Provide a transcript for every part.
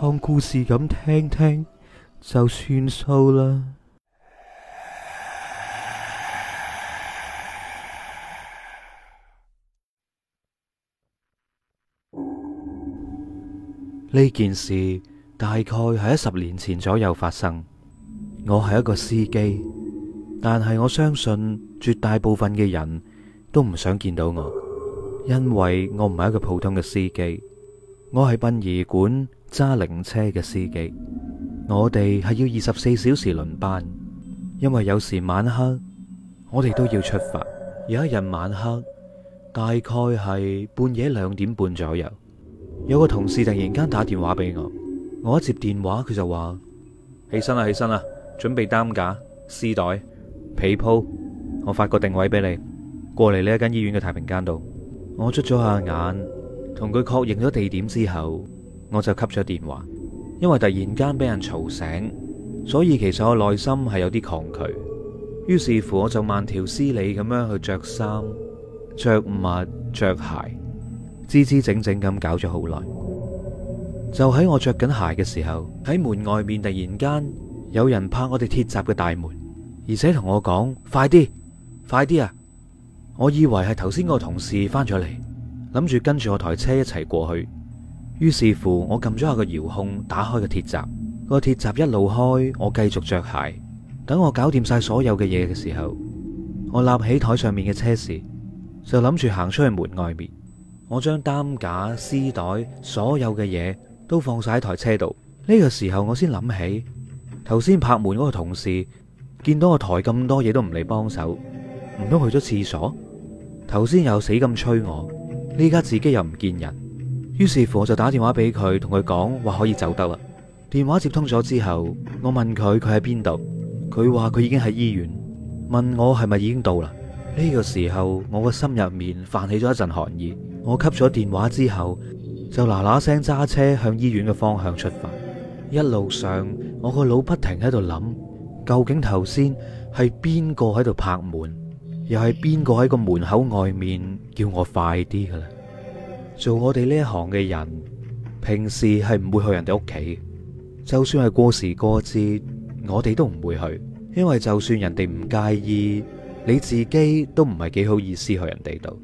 當故事咁聽聽就算數啦。呢件事大概係喺十年前左右發生。我係一個司機，但係我相信絕大部分嘅人都唔想見到我，因為我唔係一個普通嘅司機。我係殯儀館揸靈車嘅司機，我哋係要二十四小時輪班，因為有時晚黑我哋都要出發。有一日晚黑，大概係半夜兩點半左右，有個同事突然間打電話俾我，我一接電話佢就話：起身啦，起身啦，準備擔架、屍袋、被鋪，我發個定位俾你，過嚟呢一間醫院嘅太平間度。我捽咗下眼。同佢確認咗地點之後，我就吸咗電話，因為突然間俾人嘈醒，所以其實我內心係有啲抗拒。於是乎，我就慢條斯理咁樣去着衫、着襪、着鞋，支支整整咁搞咗好耐。就喺我着緊鞋嘅時候，喺門外面突然間有人拍我哋鐵閘嘅大門，而且同我講：快啲，快啲啊！我以為係頭先個同事翻咗嚟。諗住跟住我台車一齊過去，於是乎我撳咗下個遙控，打開個鐵閘。個鐵閘一路開，我繼續着鞋。等我搞掂晒所有嘅嘢嘅時候，我立起台上面嘅車匙，就諗住行出去門外面。我將擔架、絲袋所有嘅嘢都放晒喺台車度。呢個時候我先諗起頭先拍門嗰個同事，見到我抬咁多嘢都唔嚟幫手，唔通去咗廁所？頭先又死咁催我。呢家自己又唔見人，於是乎我就打電話俾佢，同佢講話可以走得啦。電話接通咗之後，我問佢，佢喺邊度，佢話佢已經喺醫院，問我係咪已經到啦？呢個時候我個心入面泛起咗一陣寒意。我吸咗電話之後，就嗱嗱聲揸車向醫院嘅方向出發。一路上我個腦不停喺度諗，究竟頭先係邊個喺度拍門？又係邊個喺個門口外面叫我快啲嘅咧？做我哋呢一行嘅人，平時係唔會去人哋屋企，就算係過時過節，我哋都唔會去，因為就算人哋唔介意，你自己都唔係幾好意思去人哋度。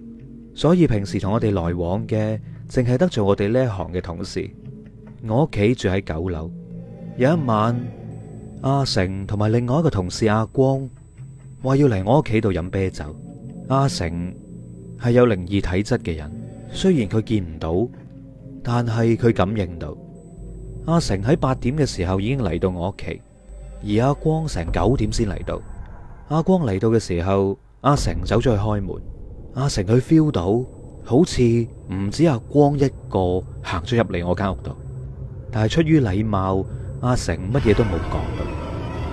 所以平時同我哋來往嘅，淨係得做我哋呢一行嘅同事。我屋企住喺九樓，有一晚，阿成同埋另外一個同事阿光。話要嚟我屋企度飲啤酒。阿成係有靈異體質嘅人，雖然佢見唔到，但係佢感應到。阿成喺八點嘅時候已經嚟到我屋企，而阿光成九點先嚟到。阿光嚟到嘅時候，阿成走咗去開門。阿成佢 feel 到，好似唔止阿光一個行咗入嚟我間屋度。但係出於禮貌，阿成乜嘢都冇講到。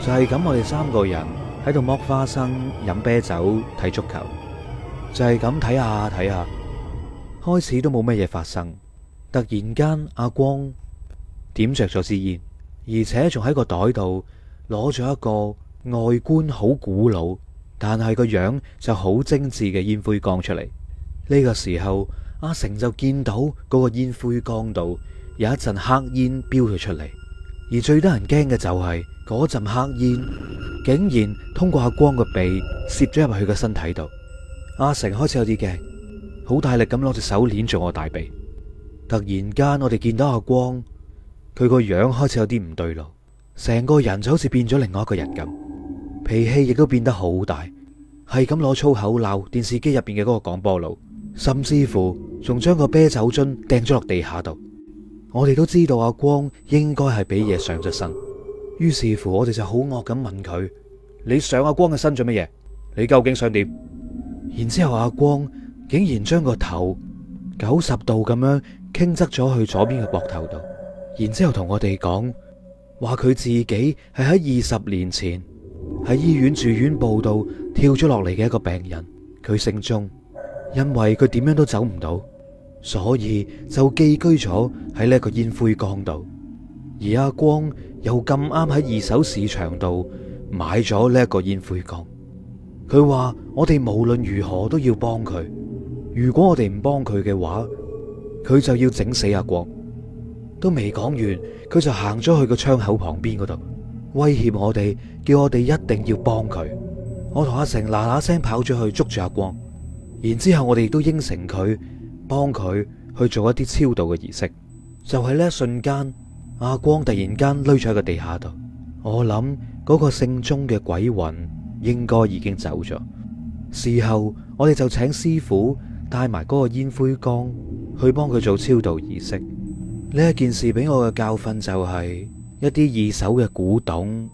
就係咁，我哋三個人。喺度剝花生、飲啤酒、睇足球，就係咁睇下睇下，開始都冇乜嘢發生。突然間，阿光點着咗支煙，而且仲喺個袋度攞咗一個外觀好古老，但係個樣就好精緻嘅煙灰缸出嚟。呢個時候，阿成就見到嗰個煙灰缸度有一陣黑煙飆咗出嚟。而最得人驚嘅就係嗰陣黑煙，竟然通過阿光個鼻攝咗入去佢個身體度。阿成開始有啲驚，好大力咁攞隻手捏住我大鼻。突然間，我哋見到阿光，佢個樣開始有啲唔對路，成個人就好似變咗另外一個人咁，脾氣亦都變得好大，係咁攞粗口鬧電視機入邊嘅嗰個廣播佬，甚至乎仲將個啤酒樽掟咗落地下度。我哋都知道阿光應該係俾嘢上咗身，於是乎我哋就好惡咁問佢：你上阿光嘅身做乜嘢？你究竟想點？然之後阿光竟然將個頭九十度咁樣傾側咗去左邊嘅膊頭度，然之後同我哋講話佢自己係喺二十年前喺醫院住院部度跳咗落嚟嘅一個病人，佢姓鍾，因為佢點樣都走唔到。所以就寄居咗喺呢個煙灰缸度，而阿光又咁啱喺二手市場度買咗呢個煙灰缸。佢話我哋無論如何都要幫佢，如果我哋唔幫佢嘅話，佢就要整死阿光。都未講完，佢就行咗去個窗口旁邊嗰度，威脅我哋，叫我哋一定要幫佢。我同阿成嗱嗱聲跑咗去捉住阿光，然之後我哋都應承佢。幫佢去做一啲超度嘅儀式，就喺呢一瞬間，阿光突然間匿咗喺個地下度。我諗嗰個姓鍾嘅鬼魂應該已經走咗。事後我哋就請師傅帶埋嗰個煙灰缸去幫佢做超度儀式。呢一件事俾我嘅教訓就係，一啲二手嘅古董，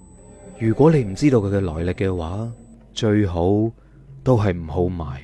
如果你唔知道佢嘅來歷嘅話，最好都係唔好買。